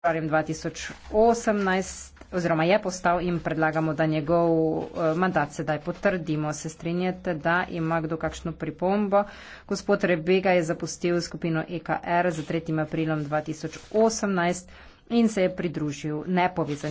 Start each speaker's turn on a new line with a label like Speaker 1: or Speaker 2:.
Speaker 1: februarjem 2018 oziroma je postal in predlagamo, da njegov eh, mandat sedaj potrdimo. Se strinjate, da ima kdo kakšno pripombo? Gospod Rebega je zapustil skupino EKR za 3. aprilom 2018
Speaker 2: in se je pridružil nepovezanim.